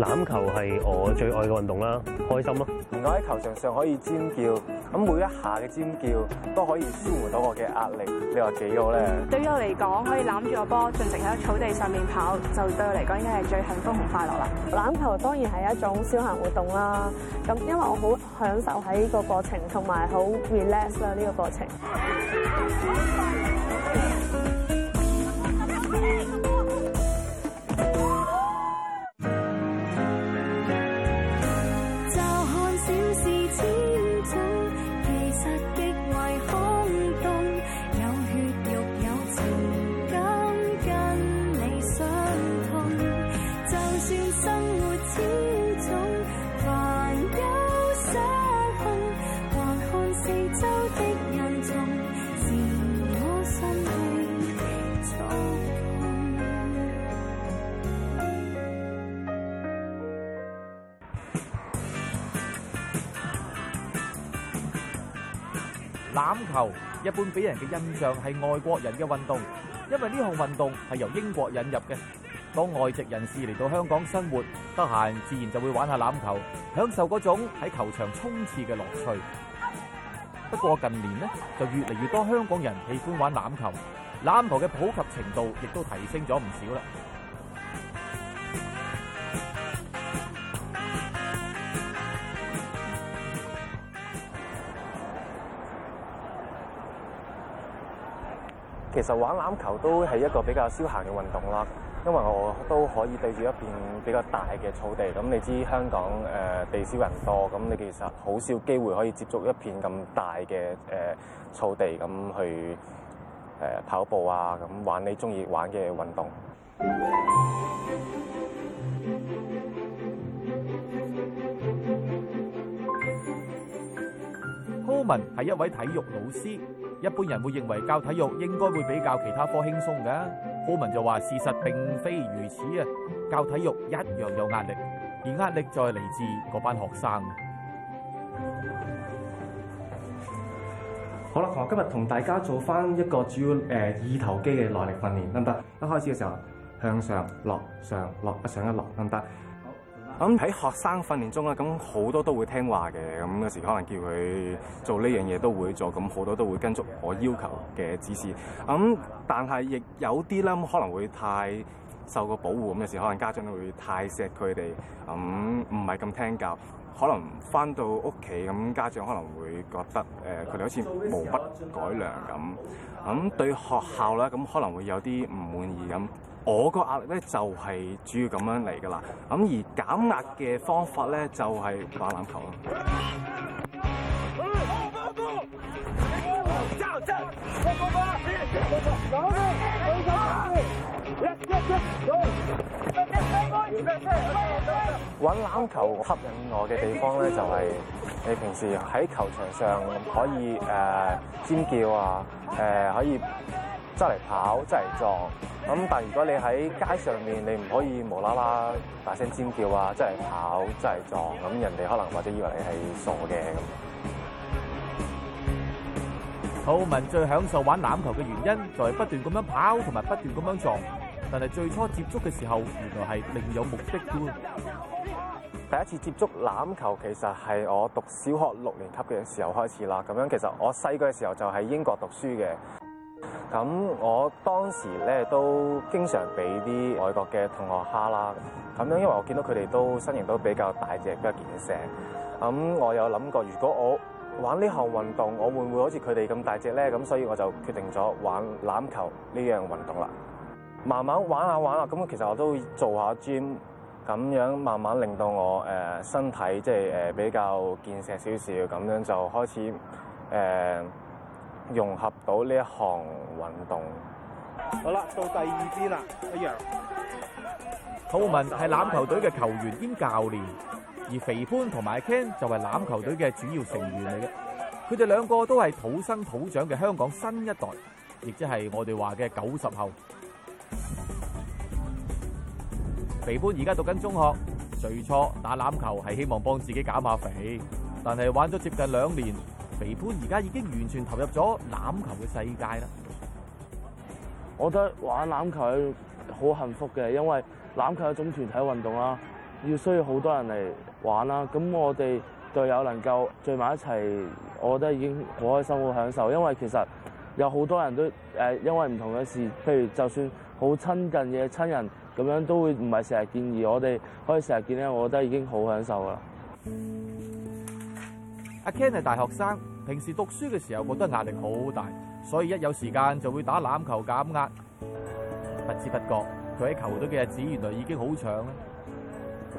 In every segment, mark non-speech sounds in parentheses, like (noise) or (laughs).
欖球係我最愛嘅運動啦，開心咯！我喺球場上可以尖叫，咁每一下嘅尖叫都可以舒緩到我嘅壓力，你話幾好咧？對於我嚟講，可以攬住個波，盡情喺草地上面跑，就對我嚟講應該係最幸福同快樂啦！欖球當然係一種消閒活動啦，咁因為我好享受喺呢個過程，同埋好 relax 啦呢個過程。欖球一般俾人嘅印象係外國人嘅運動，因為呢項運動係由英國引入嘅。當外籍人士嚟到香港生活，得閒自然就會玩下欖球，享受嗰種喺球場衝刺嘅樂趣。不過近年呢，就越嚟越多香港人喜歡玩欖球，欖球嘅普及程度亦都提升咗唔少啦。就玩欖球都係一個比較消閒嘅運動啦，因為我都可以對住一片比較大嘅草地。咁你知香港誒、呃、地少人多，咁你其實好少機會可以接觸一片咁大嘅誒、呃、草地，咁去誒、呃、跑步啊，咁玩你中意玩嘅運動。Homan 係一位體育老師。一般人會認為教體育應該會比較其他科輕鬆嘅，柯文就話事實並非如此啊！教體育一樣有壓力，而壓力在嚟自嗰班學生好。好啦，我今日同大家做翻一個主要誒二頭肌嘅耐力訓練，得唔得？一開始嘅時候向上落上落一上一落，得唔得？咁喺、嗯、學生訓練中咧，咁、嗯、好多都會聽話嘅，咁、嗯、有時可能叫佢做呢樣嘢都會做，咁、嗯、好多都會跟足我要求嘅指示。咁、嗯、但係亦有啲咧、嗯，可能會太受個保護，咁、嗯、有時可能家長都會太錫佢哋，咁唔係咁聽教，可能翻到屋企咁家長可能會覺得誒佢哋好似無乜改良咁，咁、嗯嗯、對學校咧咁、嗯、可能會有啲唔滿意咁。嗯。我個壓力咧就係、是、主要咁樣嚟噶啦，咁而減壓嘅方法咧就係、是、玩欖球咯。揾欖球吸引我嘅地方咧就係、是、你平時喺球場上可以誒、呃、尖叫啊，誒、呃、可以即嚟跑，即嚟撞。咁但係如果你喺街上面，你唔可以無啦啦大聲尖叫啊，真係跑，真係撞，咁人哋可能或者以為你係傻嘅咁。Homan 最享受玩欖球嘅原因，就係不斷咁樣跑同埋不斷咁樣撞。但係最初接觸嘅時候，原來係另有目的嘅。第一次接觸欖球，其實係我讀小學六年級嘅時候開始啦。咁樣其實我細個嘅時候就喺英國讀書嘅。咁我當時咧都經常俾啲外國嘅同學蝦啦，咁樣因為我見到佢哋都身形都比較大隻比較健碩，咁、嗯、我有諗過如果我玩呢項運動，我會唔會好似佢哋咁大隻咧？咁所以我就決定咗玩欖球呢樣運動啦。慢慢玩下、啊、玩下、啊，咁其實我都做下 gym，咁樣慢慢令到我誒、呃、身體即係誒比較健碩少少，咁樣就開始誒。呃融合到呢一項運動。好啦，到第二啲啦，一樣。浩文係欖球隊嘅球員兼教練，而肥潘同埋 Ken 就係欖球隊嘅主要成員嚟嘅。佢哋兩個都係土生土長嘅香港新一代，亦即係我哋話嘅九十後。肥潘而家讀緊中學，最初打欖球係希望幫自己減下肥，但係玩咗接近兩年。肥潘而家已經完全投入咗欖球嘅世界啦！我覺得玩欖球好幸福嘅，因為欖球係一種團體運動啦，要需要好多人嚟玩啦。咁我哋隊友能夠聚埋一齊，我覺得已經好開心、好享受。因為其實有好多人都誒、呃，因為唔同嘅事，譬如就算好親近嘅親人咁樣，都會唔係成日見，而我哋可以成日見咧，我覺得已經好享受㗎啦。阿 Ken 係大學生，平時讀書嘅時候覺得壓力好大，所以一有時間就會打欖球減壓。不知不覺，佢喺球隊嘅日子原來已經好長啦。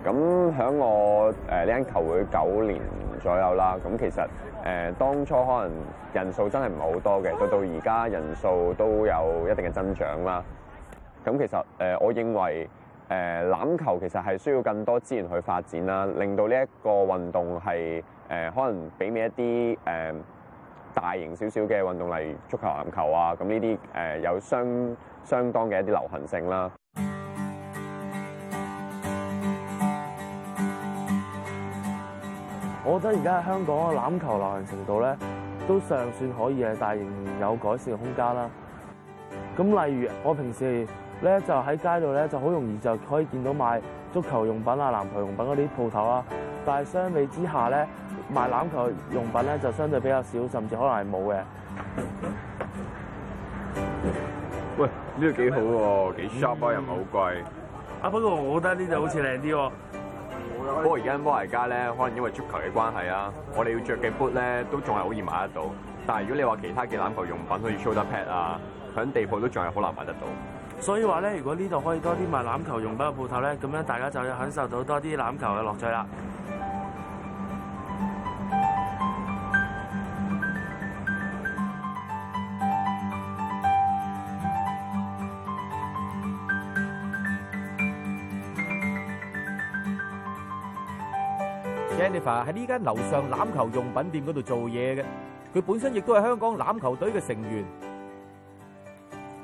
咁喺我誒呢間球會九年左右啦。咁其實誒、呃、當初可能人數真係唔係好多嘅，到到而家人數都有一定嘅增長啦。咁其實誒、呃，我認為誒、呃、欖球其實係需要更多資源去發展啦，令到呢一個運動係。誒、呃、可能媲美一啲誒、呃、大型少少嘅運動，例如足球、籃球，籃球啊，咁呢啲誒有相相當嘅一啲流行性啦。我覺得而家香港欖球流行程度咧，都尚算可以嘅，但係仍有改善空間啦。咁例如我平時咧就喺街度咧就好容易就可以見到賣足球用品啊、籃球用品嗰啲鋪頭啊，但係相比之下咧。賣欖球用品咧就相對比較少，甚至可能係冇嘅。喂，呢度幾好喎，啊，幾、啊、s h o p 又唔係好貴。啊，不過我覺得呢度好似靚啲喎。不過而家波鞋街咧，可能因為足球嘅關係啊，我哋要着嘅 boot 咧都仲係好易買得到。但係如果你話其他嘅欖球用品，好似 shoulder pad 啊，響地鋪都仲係好難買得到。所以話咧，如果呢度可以多啲賣欖球用品嘅鋪頭咧，咁、嗯、樣大家就會享受到多啲欖球嘅樂趣啦。喺呢間樓上欖球用品店嗰度做嘢嘅，佢本身亦都係香港欖球隊嘅成員，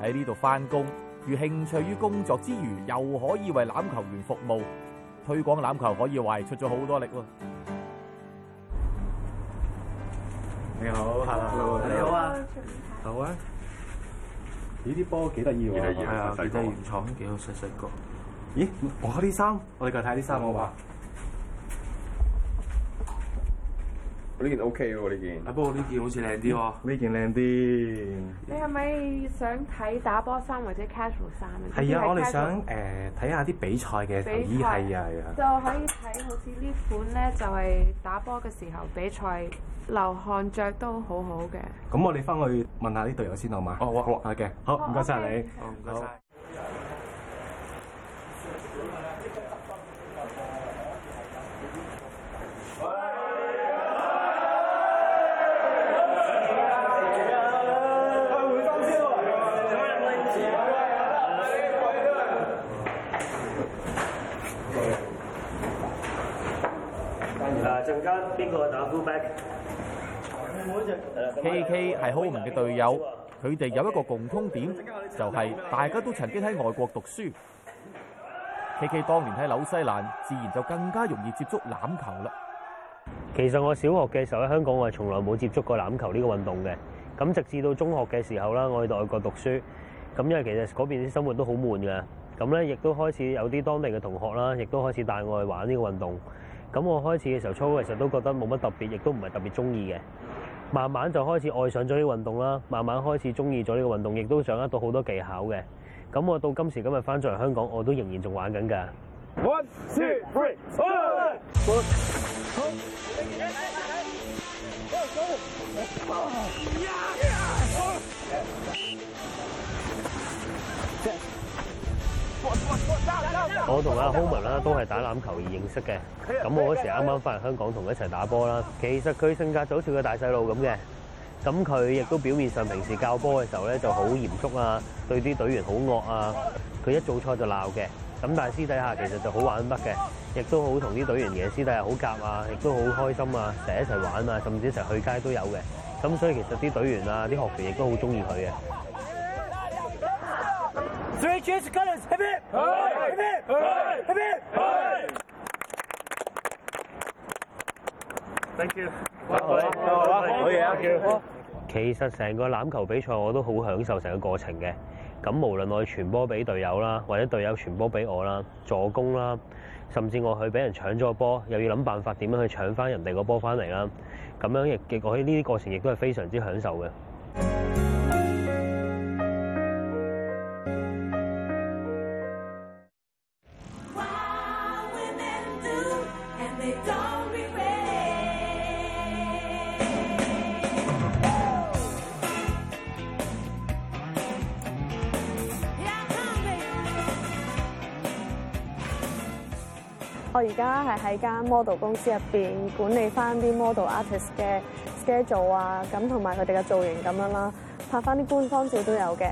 喺呢度翻工，如興趣於工作之餘又可以為欖球員服務，推廣欖球可以話係出咗好多力。你好，Hello，你好啊，好啊，呢啲波幾得意喎，細細原廠，幾好細細個。咦，我啲衫，我哋過睇下啲衫好唔好啊？呢件 O K 嘅喎，呢件。啊，不過呢件好似靚啲喎，呢件靚啲。你係咪想睇打波衫或者 casual 衫啊？係啊，我哋想誒睇下啲比賽嘅。比賽，係啊，就可以睇，好似呢款咧，就係、是、打波嘅時候比賽流汗着都好好嘅。咁我哋翻去問下啲隊友先，好嘛？哦，好嘅，好唔該晒你。好。邊個打 fullback？KK 係浩文嘅隊友，佢哋有一個共通點，就係、是、大家都曾經喺外國讀書。KK 當年喺紐西蘭，自然就更加容易接觸欖球啦。其實我小學嘅時候喺香港，我係從來冇接觸過欖球呢個運動嘅。咁直至到中學嘅時候啦，我去到外國讀書，咁因為其實嗰邊啲生活都好悶噶，咁咧亦都開始有啲當地嘅同學啦，亦都開始帶我去玩呢個運動。咁我開始嘅時候，初嘅時候都覺得冇乜特別，亦都唔係特別中意嘅。慢慢就開始愛上咗呢個運動啦，慢慢開始中意咗呢個運動，亦都掌握到好多技巧嘅。咁我到今時今日翻咗嚟香港，我都仍然仲玩緊㗎。One, two, three，啊！我同阿 Homan 啦都係打籃球而認識嘅，咁我嗰時啱啱翻嚟香港同佢一齊打波啦。其實佢性格就好似個大細路咁嘅，咁佢亦都表面上平時教波嘅時候咧就好嚴肅啊，對啲隊員好惡啊，佢一做錯就鬧嘅。咁但係私底下其實就好玩乜嘅，亦都好同啲隊員嘅私底下好夾啊，亦都好開心啊，成日一齊玩啊，甚至一齊去街都有嘅。咁所以其實啲隊員啊，啲學員亦都好中意佢嘅。Three c u s c o o m e in! c Thank you. 好嘢啊，其實成個籃球比賽我都好享受成個過程嘅。咁無論我去傳波俾隊友啦，或者隊友傳波俾我啦，助攻啦，甚至我去俾人搶咗個波，又要諗辦法點樣去搶返人哋個波返嚟啦。咁樣亦，我喺呢啲過程亦都係非常之享受嘅。我而家係喺間 model 公司入邊管理返啲 model artist 嘅 schedule 啊，咁同埋佢哋嘅造型咁樣啦，拍返啲官方照都有嘅。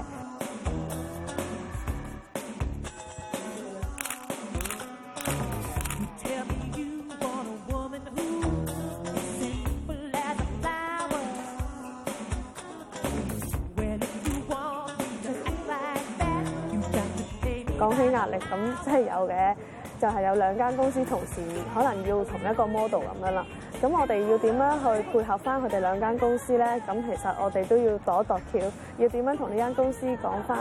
講 (music) 起壓力咁真係有嘅。就係有兩間公司同時可能要同一個 model 咁樣啦，咁我哋要點樣去配合翻佢哋兩間公司呢？咁其實我哋都要度一度橋，要點樣同呢間公司講翻？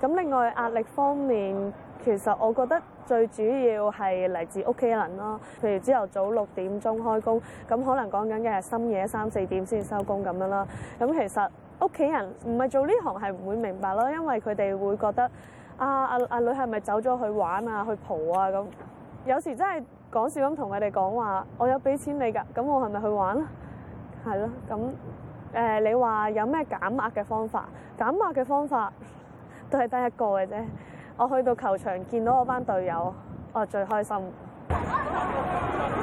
咁 (music) 另外壓力方面，其實我覺得最主要係嚟自屋企人啦。譬如朝頭早六點鐘開工，咁可能講緊嘅係深夜三四點先收工咁樣啦。咁其實。屋企人唔係做呢行係唔會明白咯，因為佢哋會覺得啊阿阿女係咪走咗去玩啊，去蒲啊咁，有時真係講笑咁同佢哋講話，我有俾錢你㗎，咁我係咪去玩啊？係咯，咁誒、呃、你話有咩減壓嘅方法？減壓嘅方法都係得一個嘅啫。我去到球場見到我班隊友，我最開心。 (laughs)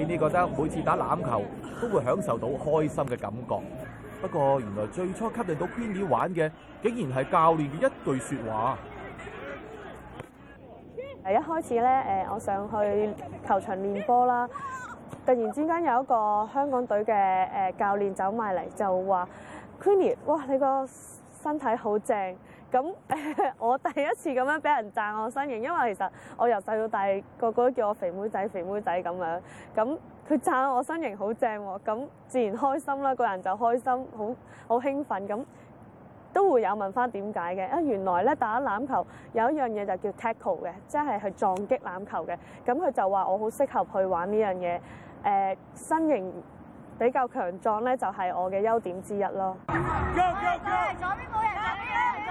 你呢覺得每次打欖球都會享受到開心嘅感覺？不過原來最初吸引到 Queenie 玩嘅，竟然係教練嘅一句說話。誒，一開始咧，誒，我上去球場練波啦，突然之間有一個香港隊嘅誒教練走埋嚟，就話 Queenie 哇，你個身體好正！咁誒，我第一次咁樣俾人讚我身形，因為其實我由細到大個個個都叫我肥妹仔、肥妹仔咁樣。咁佢讚我身形好正喎，咁自然開心啦，個人就開心，好好興奮，咁都會有問翻點解嘅。啊，原來咧打欖球有一樣嘢就叫 tackle 嘅，即係去撞擊欖球嘅。咁佢就話我好適合去玩呢樣嘢，誒、呃、身形比較強壯咧，就係、是、我嘅優點之一咯。Go, go, go, go. 左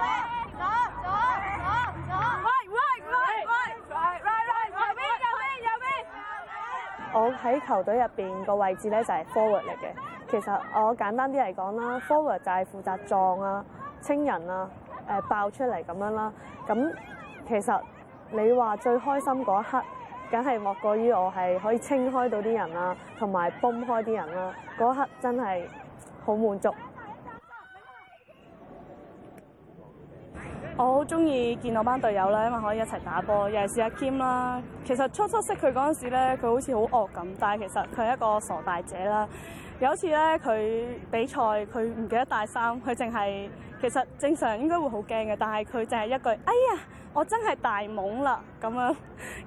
左左左！喂喂喂喂 Right right right right！右邊右邊右邊！右右右右右，我喺球隊入邊個位置咧就係 forward 嚟嘅。其實我簡單啲嚟講啦，forward 就係負責撞啊、清人啊、誒爆出嚟咁樣啦。咁其實你話最開心嗰一刻，梗係莫過於我係可以清開到啲人啦，同埋崩開啲人啦，嗰一刻真係好滿足。我好中意見我班隊友啦，因為可以一齊打波。尤其是阿 Kim 啦，其實初初識佢嗰陣時咧，佢好似好惡咁，但係其實佢係一個傻大姐啦。有一次咧，佢比賽佢唔記得帶衫，佢淨係其實正常應該會好驚嘅，但係佢淨係一句：哎呀，我真係大懵啦咁樣。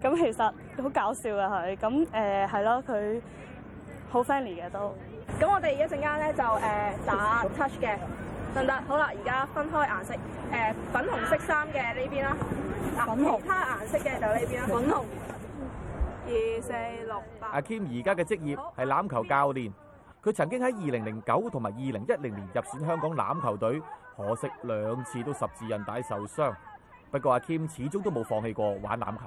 咁其實好搞笑嘅，佢咁誒係咯，佢好 friendly 嘅都。咁我哋一陣間咧就誒、呃、打 touch 嘅。得好啦，而家分開顏色，誒、呃、粉紅色衫嘅呢邊啦，粉紅、其他、啊、顏色嘅就呢邊啦，粉紅二四六八。阿、嗯、Kim 而家嘅職業係欖球教練，佢曾經喺二零零九同埋二零一零年入選香港欖球隊，可惜兩次都十字韌帶受傷。不過阿 Kim 始終都冇放棄過玩欖球。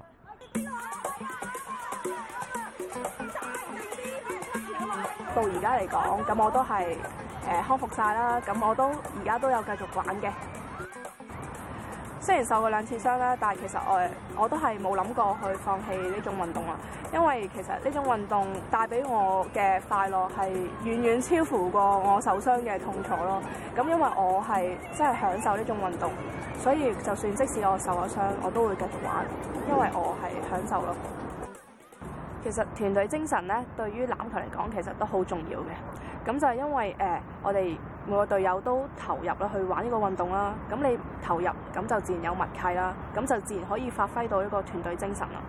到而家嚟講，咁我都係。誒、呃、康復晒啦，咁我都而家都有繼續玩嘅。雖然受過兩次傷啦，但係其實我我都係冇諗過去放棄呢種運動啦。因為其實呢種運動帶俾我嘅快樂係遠遠超乎過我受傷嘅痛楚咯。咁因為我係真係享受呢種運動，所以就算即使我受咗傷，我都會繼續玩，因為我係享受咯。其實團隊精神咧，對於欖球嚟講，其實都好重要嘅。咁就係因為誒、呃，我哋每個隊友都投入啦，去玩呢個運動啦。咁你投入，咁就自然有默契啦，咁就自然可以發揮到一個團隊精神啦。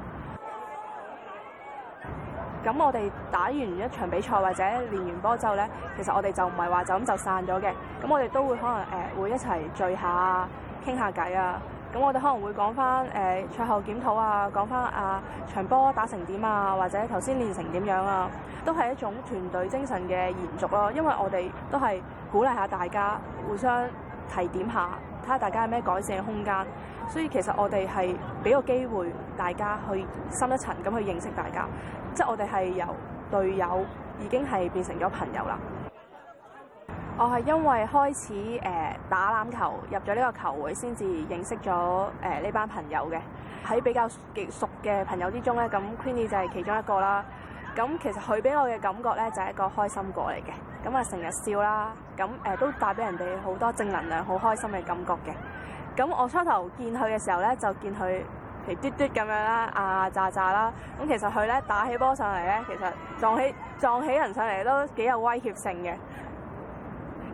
咁我哋打完一場比賽或者練完波之後咧，其實我哋就唔係話就咁就散咗嘅。咁我哋都會可能誒、呃，會一齊聚一下聊聊啊，傾下偈啊。咁我哋可能會講翻誒賽後檢討啊，講翻啊場波打成點啊，或者頭先練成點樣啊，都係一種團隊精神嘅延續咯。因為我哋都係鼓勵下大家，互相提點下，睇下大家有咩改善嘅空間。所以其實我哋係俾個機會大家去深一層咁去認識大家，即係我哋係由隊友已經係變成咗朋友啦。我係因為開始誒打籃球入咗呢個球會，先至認識咗誒呢班朋友嘅。喺比較極熟嘅朋友之中咧，咁 Queenie 就係其中一個啦。咁其實佢俾我嘅感覺咧，就係一個開心果嚟嘅，咁啊成日笑啦，咁誒都帶俾人哋好多正能量、好開心嘅感覺嘅。咁我初頭見佢嘅時候咧，就見佢肥嘟嘟咁樣啦，啊啊咋咋啦。咁、呃呃呃、其實佢咧打起波上嚟咧，其實撞起撞起人上嚟都幾有威脅性嘅。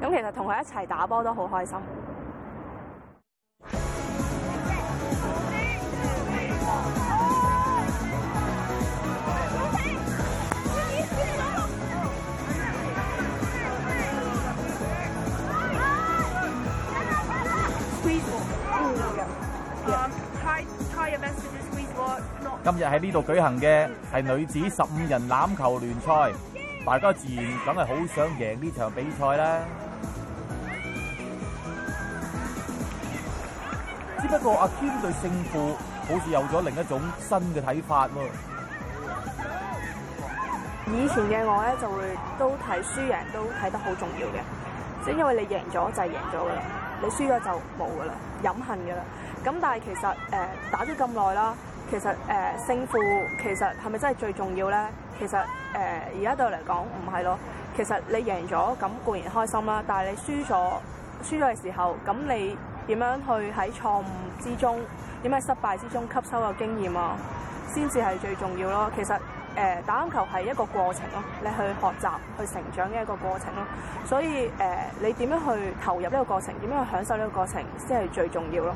咁其實同佢一齊打波都好開心。今日喺呢度舉行嘅係女子十五人欖球聯賽，大家自然梗係好想贏呢場比賽啦！不過阿天對勝負好似有咗另一種新嘅睇法咯。以前嘅我咧就會都睇輸贏都睇得好重要嘅，即係因為你贏咗就係贏咗噶啦，你輸咗就冇噶啦，飲恨噶啦。咁但係其實誒、呃、打咗咁耐啦，其實誒、呃、勝負其實係咪真係最重要咧？其實誒而家對我嚟講唔係咯。其實你贏咗咁固然開心啦，但係你輸咗輸咗嘅時候咁你。點樣去喺錯誤之中，點樣喺失敗之中吸收個經驗啊？先至係最重要咯。其實誒、呃、打欖球係一個過程咯，你去學習、去成長嘅一個過程咯。所以誒、呃，你點樣去投入呢個過程？點樣去享受呢個過程先係最重要咯。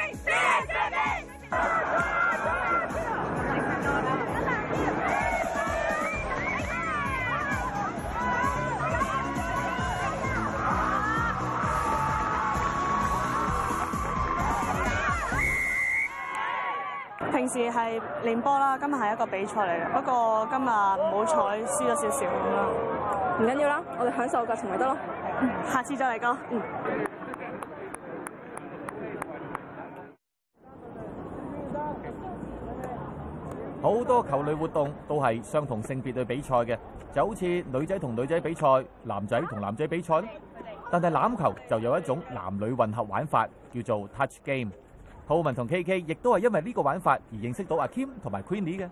是係練波啦。今日係一個比賽嚟嘅，不過今日唔好彩輸咗少少咁啦，唔、嗯、緊要啦，我哋享受過程咪得咯，下次再嚟咯。好、嗯、多球類活動都係相同性別去比賽嘅，就好似女仔同女仔比賽，男仔同男仔比賽，但係欖球就有一種男女混合玩法，叫做 Touch Game。浩文同 KK 亦都係因為呢個玩法而認識到阿 Kim 同埋 Queenie 嘅。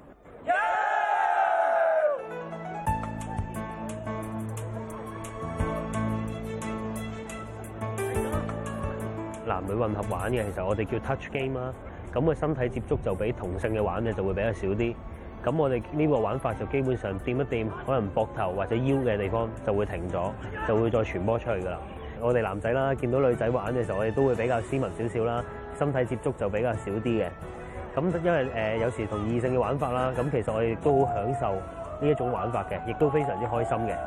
男女混合玩嘅，其實我哋叫 Touch Game 啦。咁個身體接觸就比同性嘅玩嘅就會比較少啲。咁我哋呢個玩法就基本上掂一掂，可能膊頭或者腰嘅地方就會停咗，就會再傳波出去噶啦。我哋男仔啦，見到女仔玩嘅時候，我哋都會比較斯文少少啦。身體接觸就比較少啲嘅，咁因為誒有時同異性嘅玩法啦，咁其實我哋都好享受呢一種玩法嘅，亦都非常之開心嘅。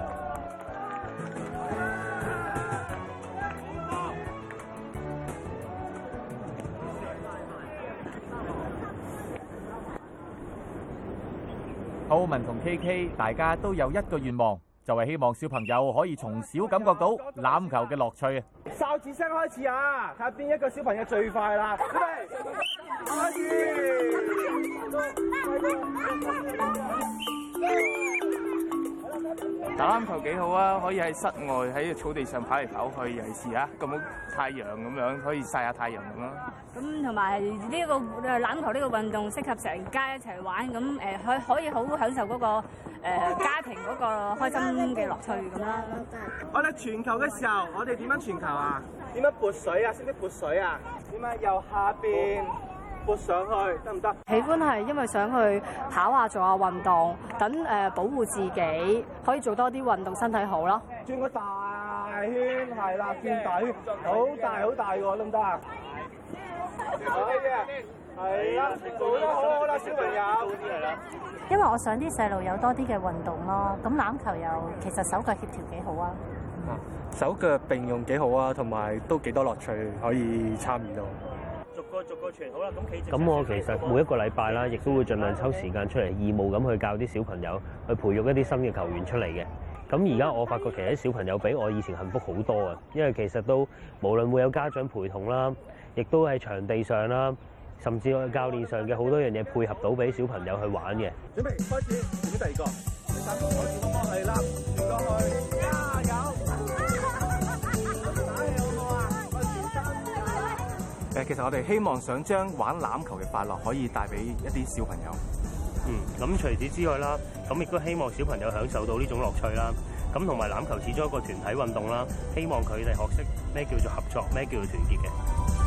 Homan 同 KK，大家都有一個願望。就係希望小朋友可以從小感覺到欖球嘅樂趣啊！哨子聲開始啊，睇下邊一個小朋友最快啦！喂，阿 (music) (music) 打欖球幾好啊，可以喺室外喺草地上跑嚟跑去，尤其是啊，咁好太陽咁樣可以曬下太陽咁咯。咁同埋呢個欖球呢個運動適合成家一齊玩，咁誒可可以好享受嗰、那個誒、呃、家庭嗰個開心嘅樂趣咁啦。樣 (laughs) 我哋傳球嘅時候，我哋點樣傳球啊？點樣撥水啊？識得識撥水啊？點樣由下邊？我上去得唔得？行行喜歡係因為想去跑下做下運動，等誒、呃、保護自己，可以做多啲運動，身體好咯。轉個大圈係啦，轉、嗯、大圈，好大好大個，得唔得啊？係、嗯。係啦、嗯，做好啦小朋友啲嚟啦。因為我想啲細路有多啲嘅運動咯。咁欖球又其實手腳協調幾好啊。手腳並用幾好啊，同埋都幾多樂趣可以參與到。咁我其實每一個禮拜啦，亦都會盡量抽時間出嚟義務咁去教啲小朋友，去培育一啲新嘅球員出嚟嘅。咁而家我發覺其實啲小朋友比我以前幸福好多啊，因為其實都無論會有家長陪同啦，亦都喺場地上啦，甚至我嘅教練上嘅好多樣嘢配合到俾小朋友去玩嘅。準備開始，準備第二個，第三個，我係啦，轉過去。其實我哋希望想將玩欖球嘅快樂可以帶俾一啲小朋友。嗯，咁除此之外啦，咁亦都希望小朋友享受到呢種樂趣啦。咁同埋欖球始終一個團體運動啦，希望佢哋學識咩叫做合作，咩叫做團結嘅。